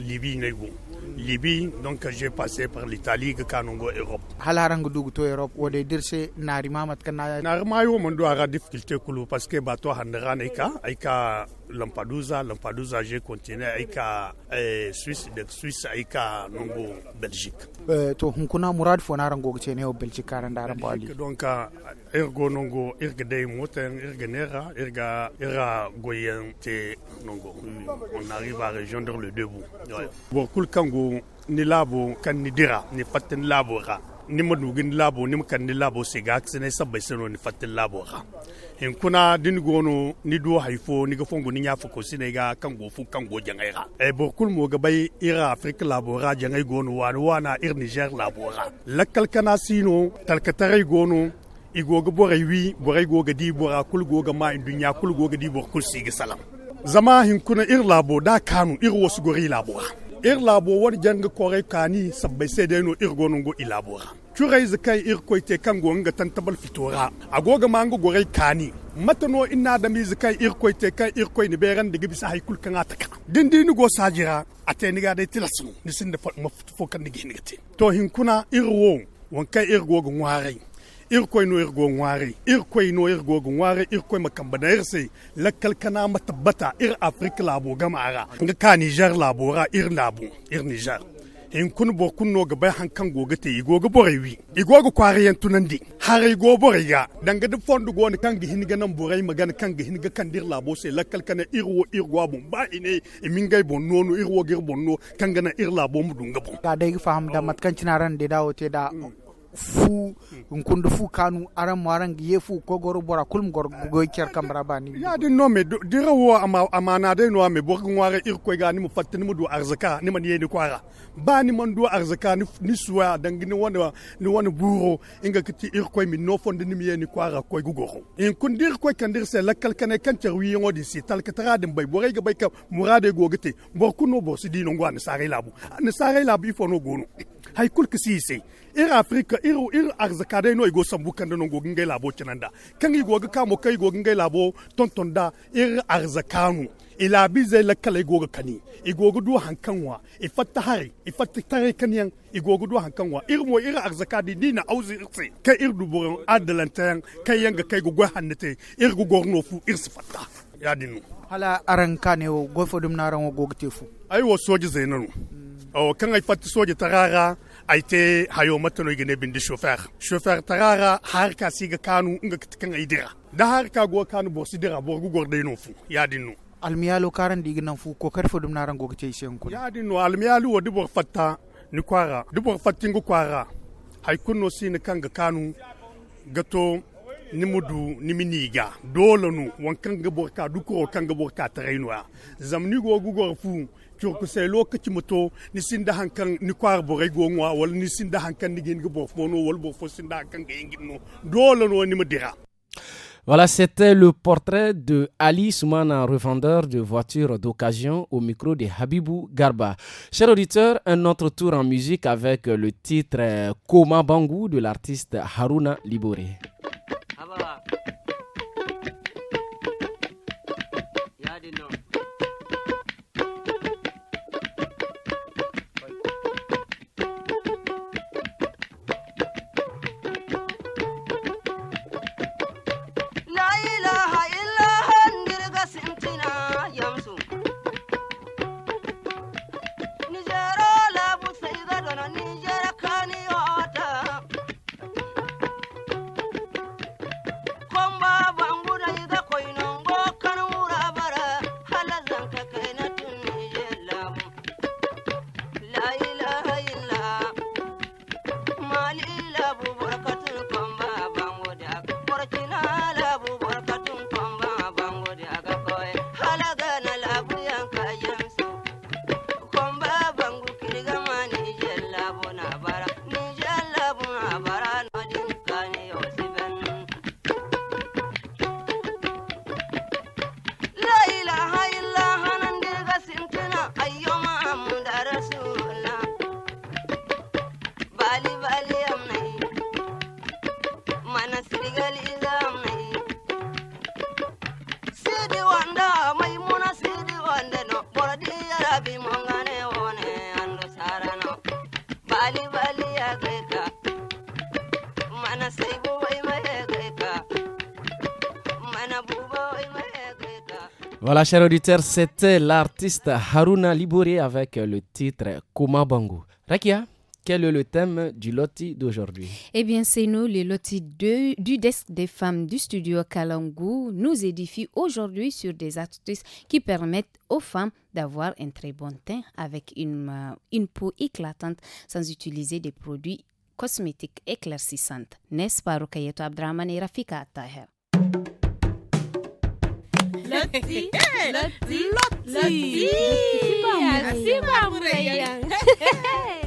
libi ne go Libye, donc j'ai passé par l'Italie, Kanongo, Europe. Halarangu Duguto Europe, ou des dirse Narima Matkana. Narima, on doit avoir difficulté parce que Bato Handaran neka, aika Lampedusa, Lampedusa, j'ai continué, aika eh, Suisse, de Suisse, aika Nongo, Belgique. Eh, to hunkuna murad fo naran gogo ce ne o belci karan daran ba ali donc eh, go nongo ga dey moten irga nera irga ira goyen te nongo hmm, on arrive à rejoindre le debout ouais. bon kul kango ni labo kan ni dira ni fatten labo ra nima nugin labo nima kan ni se gaakasinay sene se no ni fatin labo ha in kuna din gono ni do fo ni ga fongu ni ɲa fuko sine ga kaŋ go fu kaŋ go jaŋay ha e boro kulu mo ga bay ira afrika laabo ra jangai gono waana waana ir Nizer laabo ra lakkal kana sino i go ga borey wi go ga di bora go ga ma in kulu go ga di bor kul ga salaŋ zama hinkuna iri ir labo da kaanu ir wasu gori labo ha ir labo war kore kani sabbai sai dai no ir gonungo ilabora curai zikai ir koite kan gonga tantabal fitora agoga mango gore kani matano ina da mi zikai ir koite kan ir koi ni beran da gibisa haikul kan ataka dindini go sajira ate ni ga dai tilasnu ni sin da fokan ni gine gate to hinkuna ir wo wankai ir go warai irkoy no irgo ngware irkoy no irgo ngware irkoy makamba da irse la kana matabbata ir afrika labo gamara nga ka niger labo ra ir labo ir niger in kun bo kun no gaba han kan goga te igoga borewi igoga kware yan tunandi har igo boriga danga da fondu go ni kan hin ga nan borai magana kan hin ga kan dir labo sai lakal kana irwo irgo bon ba ine min gay bon nono irwo gir bon no kan gana ir labo mu ka bon ga dai faham da matkan cinaran da dawo te da mm. fu kundu fu kanu aran maran ye fu ko goro bora kulm gor go ker kamra bani ya din no me dira wo ama amana de no me bo ngware ir ko ga ni mu ni mu do arzaka ni man yeni kwara ara ni man do arzaka ni suwa dangi ni wona ni wona buro inga kiti ir ko mi no fond ni mi yeni kwara ko gugoro in kun dir ko kan dir se lakal kane kan terwi ngo di si tal katara dem bay bo ga bay ka murade gogete bor kuno bo si dino ngwan sare labu ne sare labu fo no gono hay kulka si se ir afrika ir ir arzaka dai no igo sambu kan da gogin gai labo kinanda kan igo ga kamo kai gogin gai labo tonton da ir arzakanu ila bi zai lakkala igo ga kani igo ga du hankanwa ifatta hari ifatta tare kaniyan igo ga du hankanwa ir mo ir arzaka di dina auzi irse kai ir duburan adalantayan kai yanga kai go go hannete ir go gorno fu ir sifatta ya dinu hala aranka ne go fodum ran go gogte fu ai wo soji zainaru o kan ay fatti soje tarara aite hayo matano igene bindi chauffeur chauffeur tarara har ka siga kanu nga kan ay dira da har ka go kanu bo sidira bo gu gorde no fu ya dinu almiyalo karan digi nan fu ko karfo dum naran go gece sen kun ya dinu almiyalo wodi bo fatta ni kwara dubo fatti ngu kwara hay kunno kan kanga kanu gato ni mudu ni miniga dole nu wankan gaborka duko kan gaborka tarainuwa zamni go gu fu. Voilà, c'était le portrait de Ali Soumana, revendeur de voitures d'occasion au micro de Habibou Garba. Chers auditeurs, un autre tour en musique avec le titre euh, Koma Bangu de l'artiste Haruna Libore. Ah, bah, bah. La chère auditeur, c'était l'artiste Haruna Libouré avec le titre Kuma Bangu. Rakia, quel est le thème du loti d'aujourd'hui Eh bien, c'est nous, le loti du desk des femmes du studio Kalangu nous édifie aujourd'hui sur des artistes qui permettent aux femmes d'avoir un très bon teint avec une, euh, peau éclatante sans utiliser des produits cosmétiques éclaircissants. N'est-ce pas, Rukayeto Abdraman et Rafika Lottie. *laughs* Lottie. Lottie. Lottie. Lottie. Lottie. *laughs* Lottie.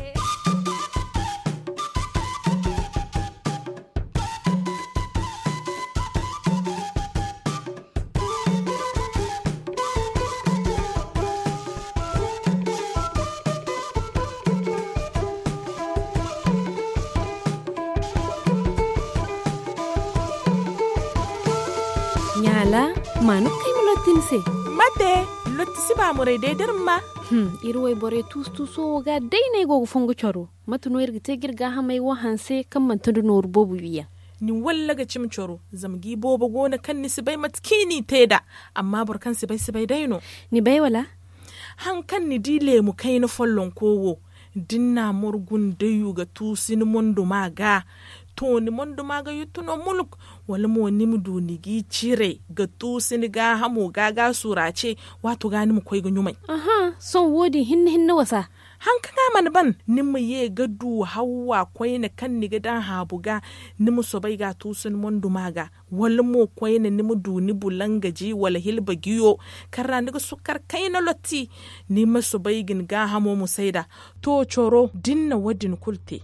manu kai mu ni se mate lotti si ba mu re de der ma hmm wai way bore tus tus so ga dai ne go fungu coro matu no irgite girga ha mai wahan se kan man tundu no bobu biya ni wallaga cim choro zamgi bobo gona kan ni sibai matkini teda amma bai sibai bai daino ni bai wala han kan ni di lemu kai na follon kowo dinna murgun dayu ga tusin mundu maga toni mondu maga yutuno muluk wala mo nim du nigi cire ga tu siniga gaga surace wato ga nim koi ga nyumai aha son wodi hinna hinna wasa hanka ga man ban nimu ye ga du hawa koi na kan ni ga dan habuga nimu so bai ga tu sun mondu maga wala mo koi na nimu du ni bulangaji wala hilba giyo karra ni ga sukar kai na lotti ni maso bai gin ga to choro dinna wadin kulte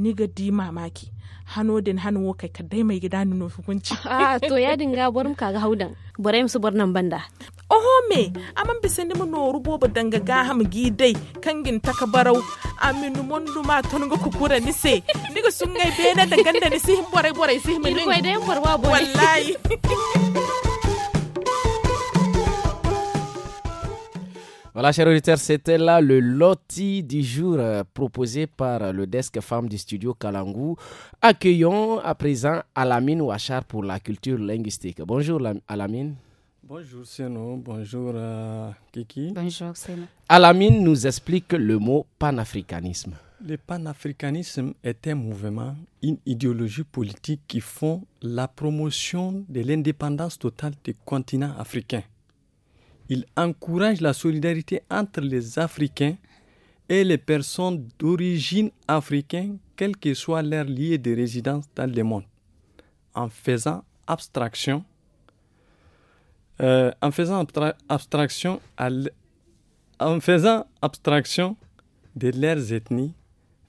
ni ga di mamaki hano din hano wo kai kadai mai gida nuno hukunci *laughs* ah to ya dinga barin ka ga haudan boraim su nan banda oho me aman bisan dimu no rubo ba danga ga ham gidai kangin barau. aminu mun duma ton go kukura ni se diga *laughs* sun gai bena da ni si borai borai si min ni ko dai borwa borai wallahi *laughs* Voilà, chers auditeurs, c'était là le loti du jour euh, proposé par le desk femme du studio Kalangu. Accueillons à présent Alamine Ouachar pour la culture linguistique. Bonjour Alamine. Bonjour Seno, bonjour euh, Kiki. Bonjour Seno. Alamine nous explique le mot panafricanisme. Le panafricanisme est un mouvement, une idéologie politique qui font la promotion de l'indépendance totale du continent africain. Il encourage la solidarité entre les Africains et les personnes d'origine africaine, quel que soit leur lieu de résidence dans le monde, en faisant abstraction, euh, en faisant abstraction en faisant abstraction de leurs ethnies,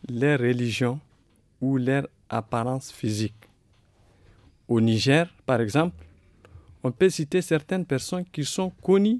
leurs religions ou leur apparence physique. Au Niger, par exemple, on peut citer certaines personnes qui sont connues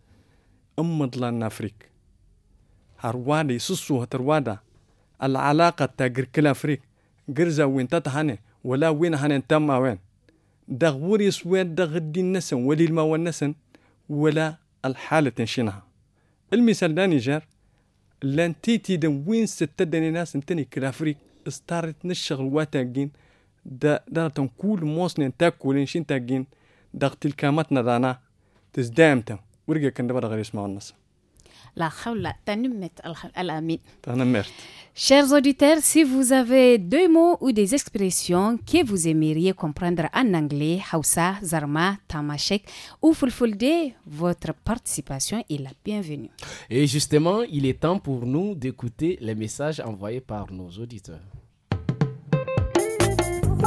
أمدلا نافريك هروادي سسو هتروادا العلاقة تاقر كل فريك جرزا وين تتهاني ولا وين هاني تما وين دغوري سواد دغدي النسن ولي الماوى النسن ولا الحالة تنشينها المثال داني جار لان تيتي دن وين ستدني ناس انتني كل فريك استارت نشغل واتاقين دا دارتن كل موسنين تاكولين شين تاقين دغتي الكامات ندانا تزدامتن Chers auditeurs, si vous avez deux mots ou des expressions que vous aimeriez comprendre en anglais, Hausa, Zarma, Tamashek ou Fulfulde, votre participation est la bienvenue. Et justement, il est temps pour nous d'écouter les messages envoyés par nos auditeurs.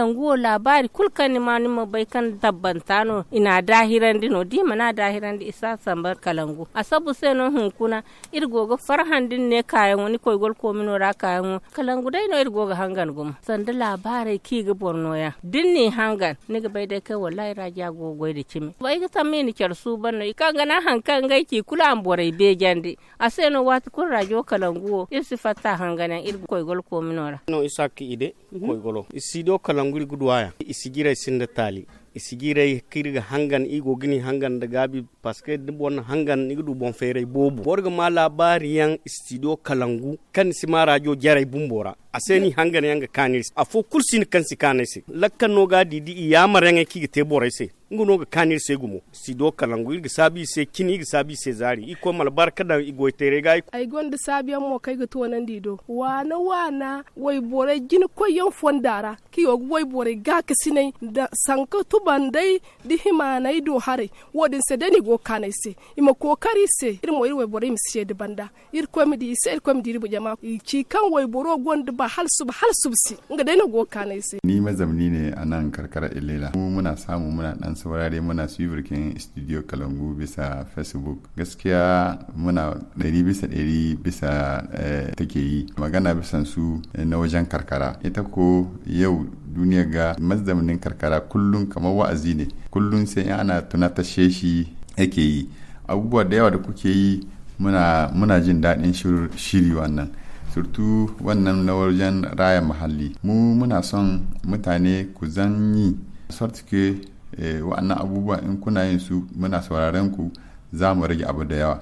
wo labari kulkani nima bai kan no ina dahirandi dino di mana dahirandi isa sambar kalangu asabu n'o hunkuna irgogo din ne kayan wani ko mino ra kayan kalangu dai no irgogo hangan gum sanda labarai ki ga borno ya ne hangan ni ga bai dai kai wallahi ra jago goy da kimi bai ga tamme ni kyar su banno ikan ga na hankan ga ki kula an borai be jandi n'o wat kun rajo kalangu hangan fatta koi gol ko mino ra no isaki ide mhm. golo isido kalangu nguri gudwaya isigira sinda tali isigira kirga hangan igo gini hangan da gabi paske bon hangan igudu bon fere bobu borga ma labari yan studio kalangu kan sima radio jarai bumbora aseni hangane yanga kanirse afo kursin kansi kanese lakka ga didi yamarenge kigi ngu no ga kanir se gumo sido kalangu ga sabi se kini ga sabi se zari iko mal barka da igo tere ga ay gonda sabi mo kai ga to nan dido wana wana wai bore jin ko yon fondara ki yo wai bore ga ka sinai da sanka to bandai di himana ido hare wodin se deni go kanai ima ko kari se irmo irwe bore mi se de banda ir ko mi di se ko mi di bu jama ci kan wai boro gonda ba hal ba hal subsi nga daina goka na sai ni mazamni ne a nan karkara ilela mu muna samu muna dan saurare muna suivirkin studio kalangu bisa facebook gaskiya muna ɗari bisa ɗari bisa eh, take yi magana bisan su eh, na wajen karkara ita ko yau duniya ga mazamnin karkara kullum kamar wa'azi ne kullum sai ana tunatashe sheshi yake yi abubuwa da yawa da kuke yi muna jin daɗin shiri wannan surtu wannan na wajen raya muhalli mu muna son mutane ku zan yi. zanyi ke eh, wa'annan abubuwa in kuna yin su muna sauraren ku za mu rage abu da yawa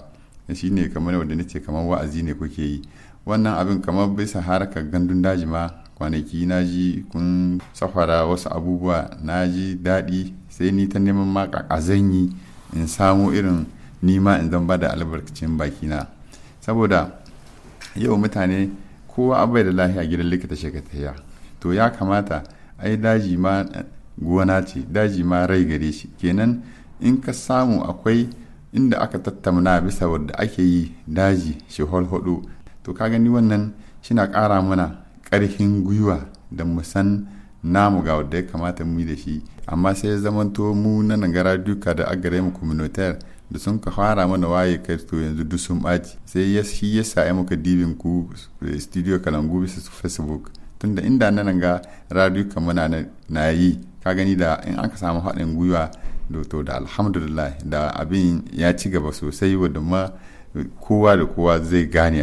shi ne kamar wanda nace kamar wa'azi ne kuke yi wannan abin kamar bisa harkar gandun daji ma kwanaki na ji kun safara wasu abubuwa na ji daɗi sai ni ta neman ma yi in samu irin nima in zan ba da albarkacin bakina saboda yau mutane kowa a bai da lahiya gidan likita shekataya to ya kamata ai daji ma eh, gona ce daji ma rai gare shi kenan in ka samu akwai inda aka tattauna bisa wadda ake yi daji shi hudu to ka gani wannan shina ƙara mana ƙarfin gwiwa da musan san namu ga wadda ya kamata mu yi da shi amma sai ya zamanto mu na nagara duka da agare mu communautaire da sun ka fara mana waye kai to yanzu duk sun ɓaci sai ya shi ya sa muka dibin ku eh, studio kalangu bisa su facebook tunda inda nan ga radio kamar na na yi ka gani da in aka samu haɗin gwiwa da to da alhamdulillah da abin ya ci gaba sosai wadda ma eh, kowa da kowa zai gane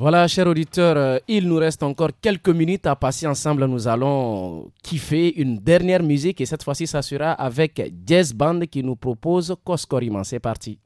Voilà, chers auditeurs, euh, il nous reste encore quelques minutes à passer ensemble. Nous allons kiffer une dernière musique et cette fois-ci, ça sera avec Jazz Band qui nous propose Koskoriman. C'est parti.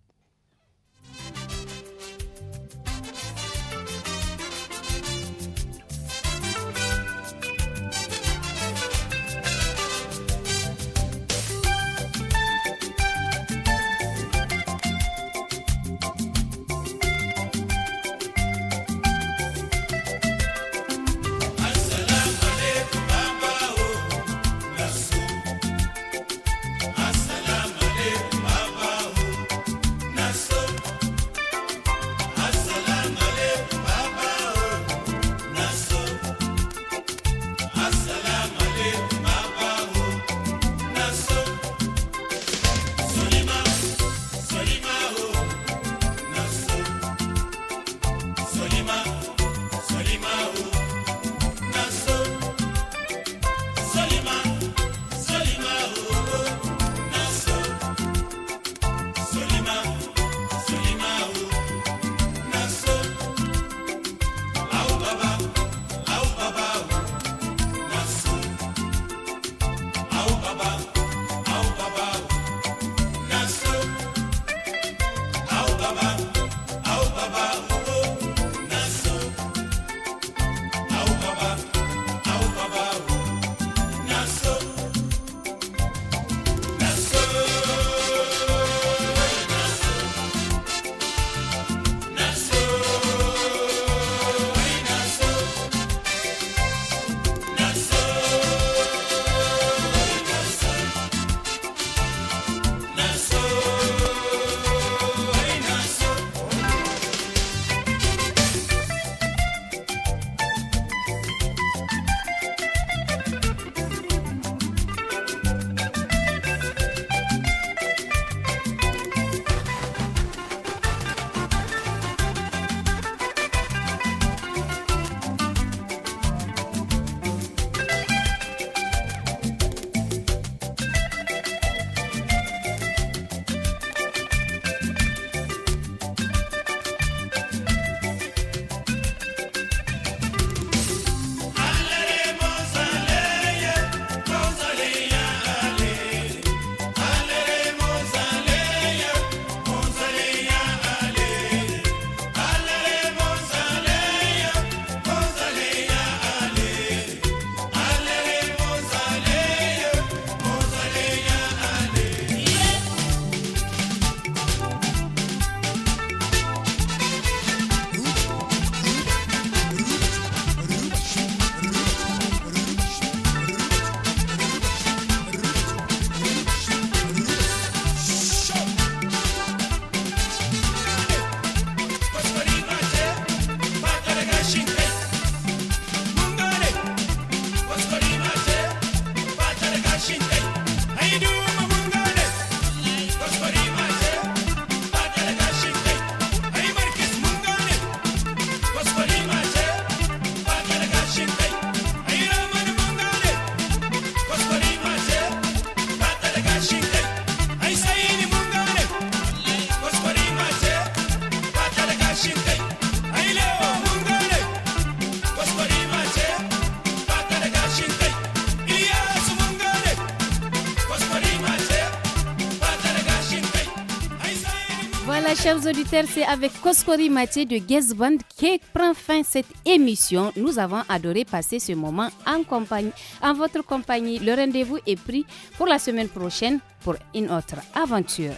chers auditeurs, c'est avec Koskori Mathieu de Band que prend fin cette émission. Nous avons adoré passer ce moment en compagnie, en votre compagnie. Le rendez-vous est pris pour la semaine prochaine pour une autre aventure.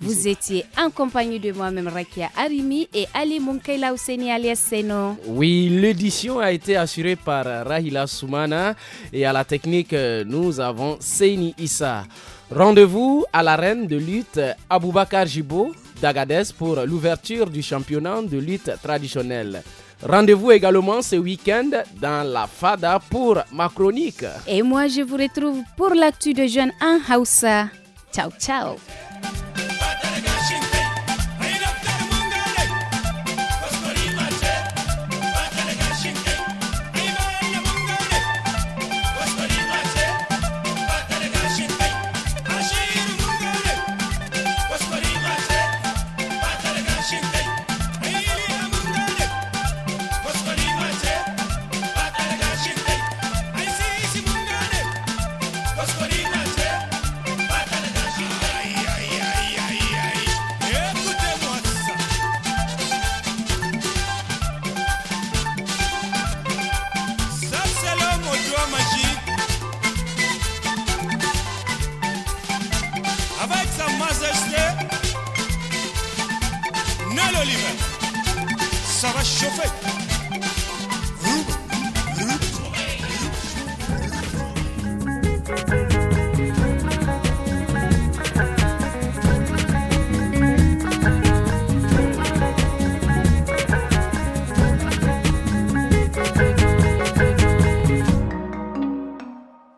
Vous étiez en compagnie de moi-même Rakia Arimi et Ali Munkaila Ouseni alias Seno. Oui, l'édition a été assurée par Rahila Soumana et à la technique, nous avons Seni Issa. Rendez-vous à l'arène de lutte Aboubakar Jibo d'Agadez pour l'ouverture du championnat de lutte traditionnelle. Rendez-vous également ce week-end dans la FADA pour ma chronique. Et moi, je vous retrouve pour l'actu de jeunes en Hausa. Ciao, ciao.